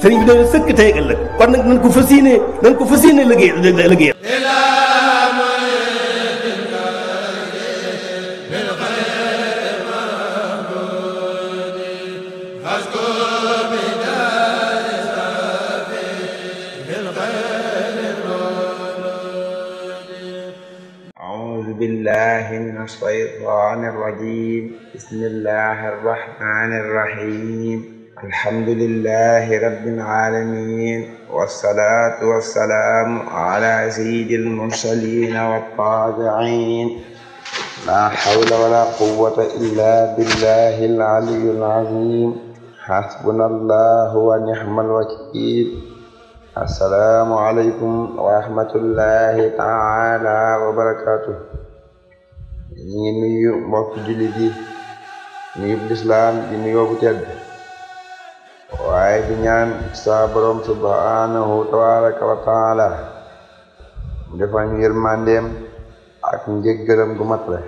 sëriñ bi dañu sëkk tey ak ëllëg kon nag nañ ko fas yéene nañ ko fas yéene liggéey liggéey بالله من الشيطان الرجيم بسم الله الرحمن الرحيم alhamdulillahi rabbil alamin wassalatu wassalamu ala sayyidil mursalin wattabi'in la hawla wala quwwata illa billahil aliyyil azim hasbunallahu wa ni'mal wakil assalaamu aleykum wa rahmatullahi taala wa barakatuh ñu ngi nuyu mbokk jullit yi nuyu lislaam di nuyu bu tedd waaye di ñaan saa borom subhanahu tabaraka wa taala mu defal ñu yërmandeem gu mat la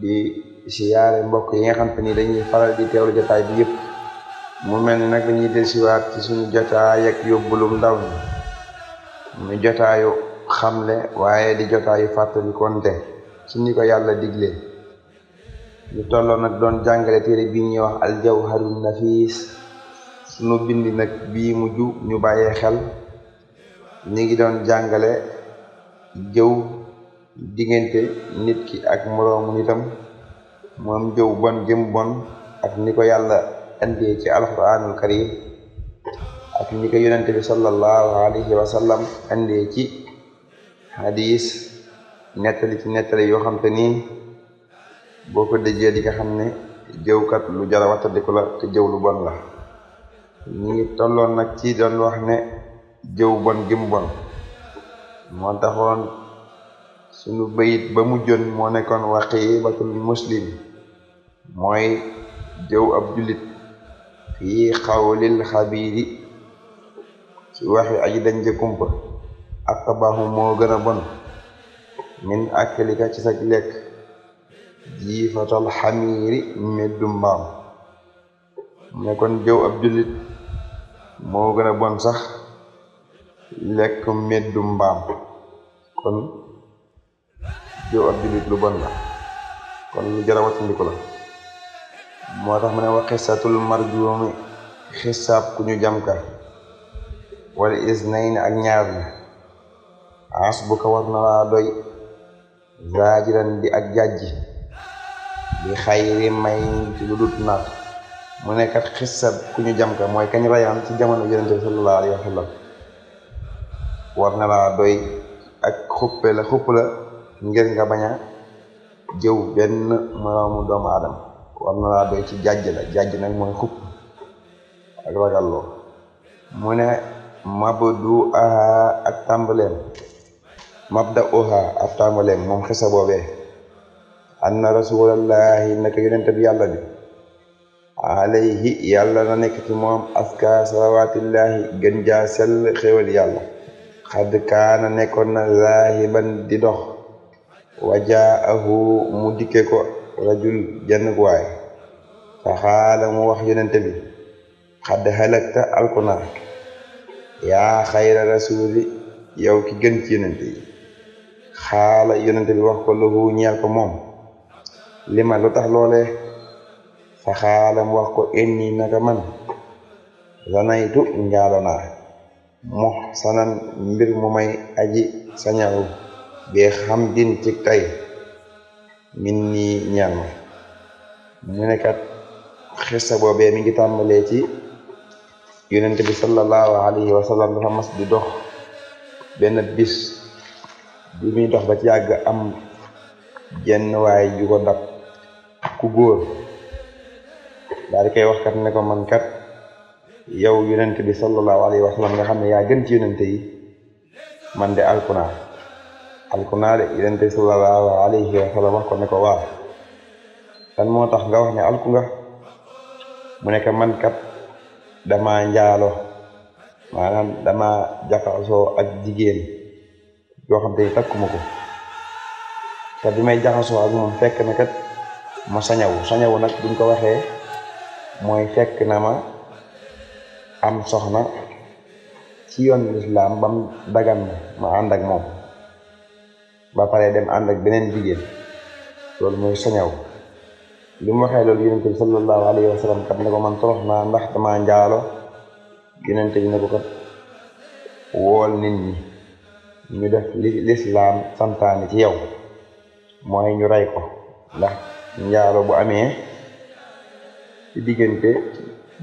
di siyaare mbokk yi nga xam te dañuy faral di teewlu jotaay bi yëpp mu mel ni nag dañuy desiwaat ci suñu jotaay ak yóbbulum ndaw ñi mu jotaayu xamle waaye di jotaayu fàttali konte ci ni ko yàlla digle ñu tolloo nag doon jàngale téere bi ñuy wax aljawharun nafis sunu bindi nag bii mujj ñu bàyyee xel ñi ngi doon jàngale jëw diggante nit ki ak moroomu nitam moom jëw bon jëm bon ak ni ko yàlla indee ci alquranul karim ak ni ko yonente bi sallallahu alayhi wa sallam ci hadis nettali ci nettali yoo xam te nii boo ko dëjee di xam ne jëwkat lu jara wattadiku la te jëw lu bon la ñi ngi tolloon nag ci doon wax ne jëw bon gim bon moo taxoon sunu bayit ba mu jon moo nekkoon waxiibatul muslim mooy jëw ab jullit fii xawlil xabiiri ci waxi aji dañ jëkkumpa ak xabaaxu moo gën a bon min akkalika ci sag lekk jiifatal xamiiri meddum mbaam mu kon jëw ab jullit moo gën a bon sax lekk meddu mbaam kon yow ab jullit lu bon la kon lu jar a wattandiku la moo tax mu ne wa xisatul marjuumi xisaab ku wal is wala isnayn ak ñaar na as bu ko war na laa doy zaajiran di ak jàjji di xayri may ci lu dut naat mu nekkat xissa ku ñu jam mooy kañ rayaan ci jamono yonente bi sallallahu alayhi wa sallam war na laa doy ak xuppe la xupp la ngir nga bañ jëw benn moroomu doomu aadama war na laa doy ci jàjj la jàjj nag mooy xupp ak ragal loo mu ne mabdu aha ak tàmbaleem mabda oha ak tàmbaleem moom xissa boobee anna rasulallahi naka yonente bi yàlla bi alayhi yàlla na nekk ci moom aska salawaatillahi gën jaa sell xéwal yàlla xad kaana nekkoon na zaahiban di dox wajaahu mu dikke ko rajul jenn waay fa mu wax yonente bi xad halakta alkuna yaa xayra rasuli yow ki gën ci xaala yonente wax ko lahu ñeel ko moom lima lu tax loolee fa xaalam wax ko inni naka man zanaytu njaalo naa mox sanan mbir mu may aji sañawu bee xam din ci tay min nii ñaal ma mu nekat xissa boobee mi ngi tàmbalee ci yonent bi sallallahu alayhi wa sallam dafa mas di dox benn bis bi muy dox ba ci yàgg am jenn waay ju ko dab ku góor daal di wax kat ne ko man kat yow yonent bi sallallahu alayhi wa sallam nga xam ne yaa gën ci yonente man de alkunaa alkunaa de yonente sallallahu alayhi wa wax ko ne ko waaw moo tax nga wax ne alku nga mu nekk man kat dama njaalo maanaam dama jaxasoo ak jigéen yoo xam te takkuma ko te bi may jaxasoo ak moom fekk na kat ma sañawu sañawu nag buñ ko waxee mooy fekk na ma am soxna ci yoon lislaam bam dagan ma ànd moom ba pare dem ànd ak beneen jigéen loolu mooy sañaw li mu waxee loolu yonente bi sallallahu alayhi wa sallam kat ne ko man torox naa ndax dama njaalo yonente bi ne ko kat wool nit ñi ñu def lislaam santaane ci yow mooy ñu rey ndax njaalo bu amee ci diggante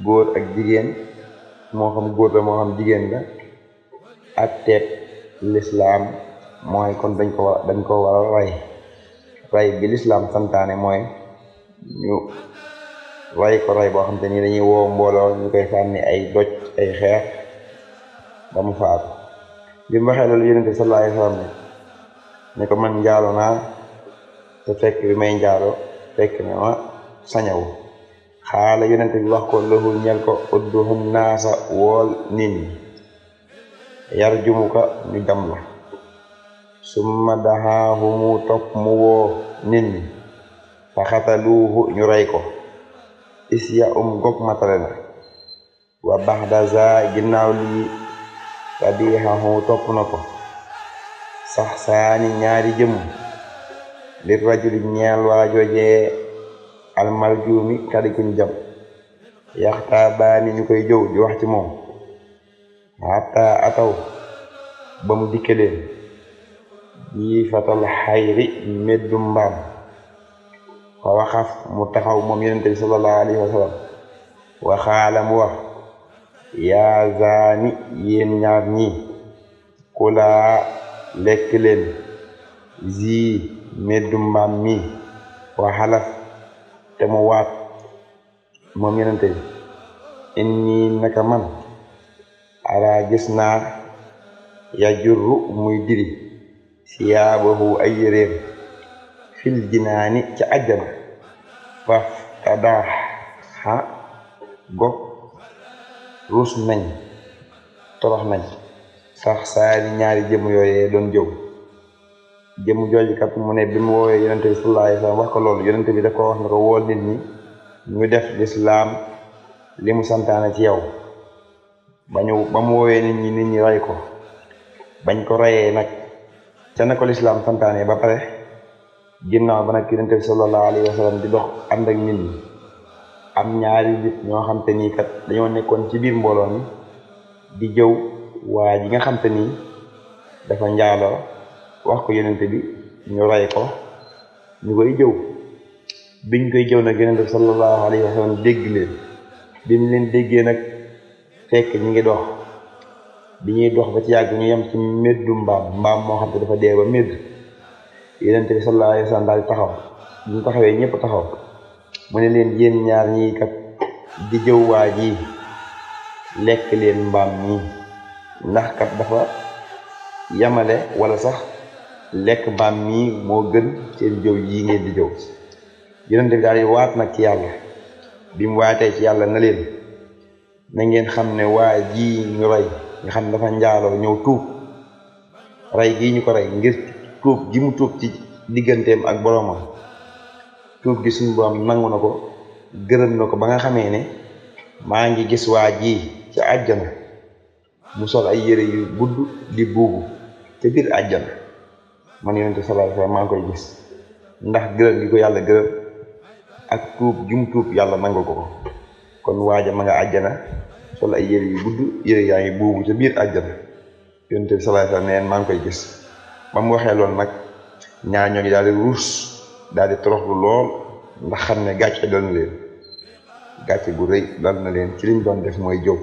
góor ak jigéen moo xam góor la moo xam jigéen la ak teeb lislaam mooy kon dañ ko dañ ko war a rey bi lislaam santaane mooy ñu rey ko rey boo xam te ni dañuy woo mbooloo ñu koy sànni ay doj ay xeex ba mu faatu bi mu waxee loolu ko man njaalo naa te fekk bi may njaalo fekk na ma sañawu xaala yonent bi wax ko lahu ñel ko udduhum naasa wool nit ñi yar jumuka ñu jam la summa daxaahumu topp mu woo nit ñi fa xataluuhu ñu rey ko isya um gog matale na wa baxda za ginnaaw lii fadihahu topp na ko sax saani ñaari jëmm li rajuli ñeel waa joojee almarjuumi kàddu kuñ jam yaxtaabaani ñu koy jëw di wax ci moom hatta ataw ba mu dikke leen jii fatal xayri meddu mbaam fa waxaf mu taxaw moom yonent bi sallallahu alayhi wa sallam waxaala mu wax yaa zaani yéen ñaar ñii kulaa lekk leen zii meddu mbaam mii wa te mu waat moom yonente bi inni naka man ala gis naa yajurru muy diri siyaabahu ay yéréem fil jinaani ca àjjana faf tadaaxa gog ruus nañ torox nañ sax saari ñaari jëm yooye doon jëw jëmu jooju kat mu ne bi mu woowee yonente bi sallallahu wax ko loolu yonente bi daf ko wax ko wool nit ñi ñu def lislaam li mu santaane ci yow ba ba mu woowee nit ñi nit ñi rey ko bañ ko reyee nag ca na ko lislaam santaane ba pare ginnaaw ba nag yonente bi sallallahu alayhi wa sallam di dox ànd ak nit ñi am ñaari ñoo xam te nii kat dañoo nekkoon ci biir mbooloo mi di jëw waa ji nga xam te nii dafa njaaloo wax ko yonente bi ñu rey ko ñu koy jëw biñ koy jëw nag yonente bi sallallahu alayhi wa sallam dégg leen bi mu leen déggee nag fekk ñu ngi dox bi ñuy dox ba ci yàgg ñu yem ci meddu mbaam mbaam moo xam te dafa dee ba medd yonente bi sallallahu alayhi taxawee ñëpp taxaw mu ne leen yéen ñaar ñii kat di jëw waa ji lekk leen mbaam ñii ndax kat dafa yamale walla sax lekk mbaam mii moo gën seen jëw yi ngeen di jëw yonent bi daal di waat nag ci yàlla bi mu waatee ci yàlla na leen na ngeen xam ne waa ji ñu rey nga dafa njaaloo ñëw tuub rey gii ñu ko rey ngir tuub gi mu tuub ci digganteem ak boroomam tuub gi suñu borom nangu na ko gërëm na ko ba nga xamee ne maa ngi gis waa ji ci àjjana mu sol ay yére yu gudd di buubu te biir àjjana man yonente sallallahu alayhi wasallam maa koy gis ndax gërëm gi ko yàlla gërëm ak tuub jum tuub yàlla nangu ko ko kon waaja ma nga àjjana sol ay yére yu gudd yére yaa ngi buubu ca biir àjjana yonente bi sallallahu alayhi wasallam maa ngi koy gis ba mu waxee loolu nag ñaar ñoo ngi daal di ruus daal di toroxlu lool ndax xam ne gàcce dal na leen gàcce gu rëy dal na leen ci liñ doon def mooy jëw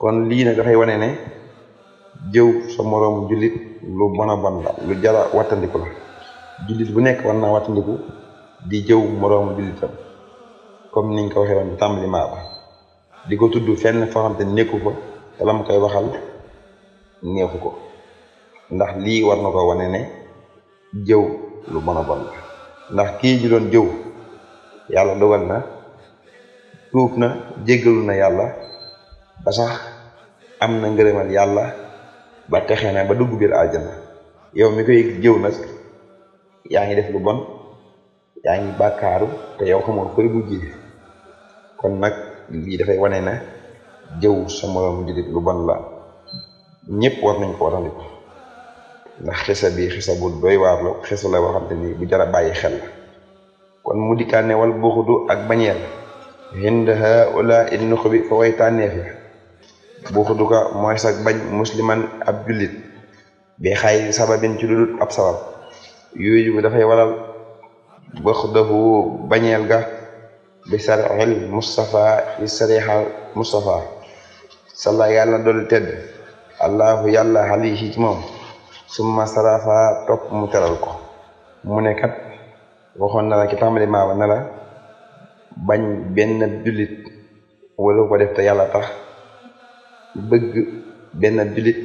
kon lii nag dafay wane ne jëw sa moroom jullit lu bon a bon la lu jara wattandiku la jullit bu nekk war naa wattandiku di jëw moroomu jullitam comme niñ ko waxee woon bi maa ba di ko tudd fenn foo xam te nekku koy waxal neexu ko ndax lii war na ko wane ne jëw lu bon a bon la ndax kii ji doon jëw yàlla dogal na tuub na jéggalu na yàlla ba sax am na ngërëmal yàlla ba texee na ba dugg biir àjjana yow mi koy jëw nag yaa ngi def lu bon yaa ngi bàkkaaru te yow xamoon koy mujjee kon nag lii dafay wane ne jëw sa moroom jullit lu bon la ñépp war nañ ko watandiku ndax xisa bi xisa bu doy waar la xisa la boo xam bu jara bàyyi xel la kon mu dikkaane wal buxudu ak bañeel hind haula in nuxu bi fa way tànneef la buxuduka mooy sag bañ musliman ab jullit bi xay sababin ci ludut ab sabab yooyu bu dafay waral buxdahu bañeel ga bi sarxil mustafa yi yàlla dool tedd allahu yàlla xalihi ci moom summa sarafa topp mu teral ko mu ne kat na la ci tàmbali maa la bañ benn jullit wala ko def te yàlla tax bëgg benn jullit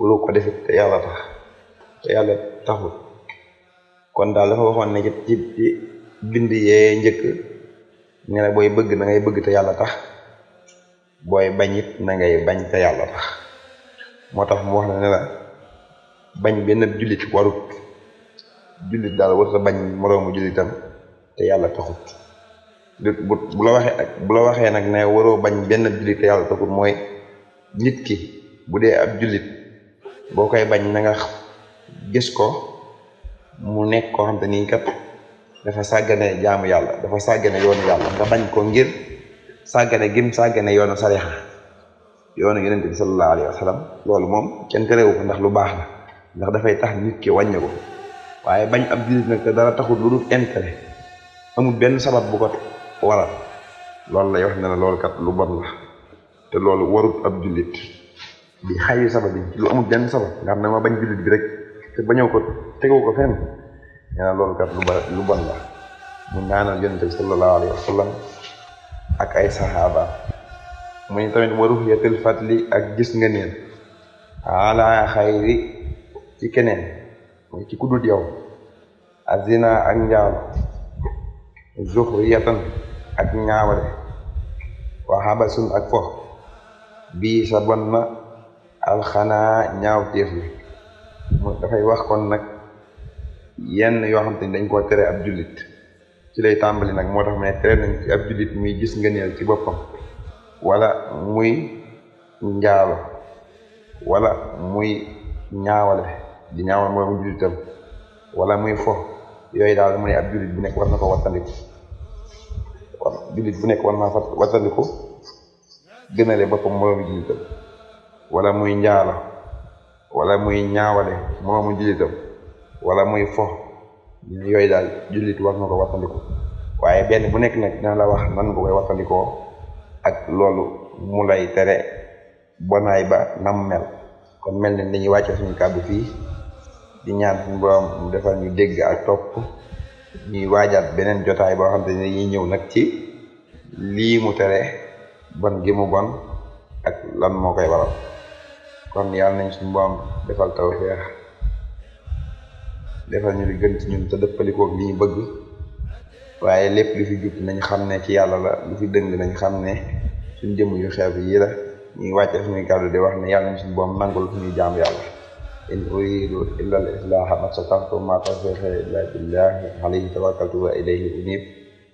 ko def yàlla tax te kon daal dafa waxoon ne ci ci bind yee bëgg na ngay bëgg yàlla tax booy bañ te yàlla moo tax mu wax na ne benn jullit warut jullit daal warut a bañ moroomu jullitam te yàlla taxut bu la waxee bu la waxee nag ne waroo bañ benn jullit te yàlla taxut mooy nit ki bu dee ab jullit boo koy bañ na nga gis ko mu nekk koo xam te nii kat dafa sàggane jaamu yàlla dafa sàggane yoonu yàlla nga bañ koo ngir sàggane gim sàggane yoonu sarixa yoonu yonent bi sallallahu alayhi wa loolu moom kenn terewu ndax lu baax la ndax dafay tax nit ki wàññi waaye bañ ab jullit nag te dara taxul lu dul intérêt amul benn sabab bu ko waral loolu lay wax ne la kat lu bon la te loolu warut ab jullit di xayi sabab bi lu amul benn sabab nga xam bañ jullit bi rek te bañoo ko tegoo ko fenn nee kat lu la mu ñaanal yonent bi sallallahu alayhi wa sallam ak ay saxaaba mu ñu tamit wa ruyatul fadli ak gis nga neen ala xayri ci keneen mooy ci ku dul yow azina ak njaalo zuxriyatan ak ñaawale wa habasun ak fo bii sa na alxanaa ñaaw téef bi mu dafay wax kon nag yenn yoo xam te dañ ko tere ab jullit ci lay tàmbali nag moo tax mu tere nañ ci ab jullit muy gis nga neel ci boppam wala muy njaalo wala muy ñaawale di jullitam wala muy fo yooyu daal mu ne ab jullit bu nekk war na ko wattandiku jullit bu nekk war naa gënale boppam moroomu jullitam wala muy njaala wala muy ñaawale moroomu jullitam wala muy fo yooyu daal jullit war na ko wattandiku waaye benn bu nekk nag dina la wax nan nga koy wattandikoo ak loolu mu lay tere bonaay ba nam mel kon mel ni dañuy wàcce suñu kàddu fii di ñaan suñu borom mu defal ñu dégg ak topp ñuy waajaat beneen jotaay boo xam te ne ñuy ñëw nag ci lii mu tere ban gi ban ak lan moo koy waral kon yàlla nañ suñu borom defal tawfeex defal ñu li gën ci ñun te dëppalikoog li ñu bëgg waaye lépp lu fi jub nañ xam ne ci yàlla la lu fi dëng nañ xam ne suñ jëm yu xeeb yii la ñuy wàcce suñuy kàddu di wax na yàlla nañ suñu borom nangul fu ñuy jaam yàlla in uridu illa al islaaha ma stata'tu ma tawfiiqi illa billahi alayhi tawakkaltu wa ilayhi unib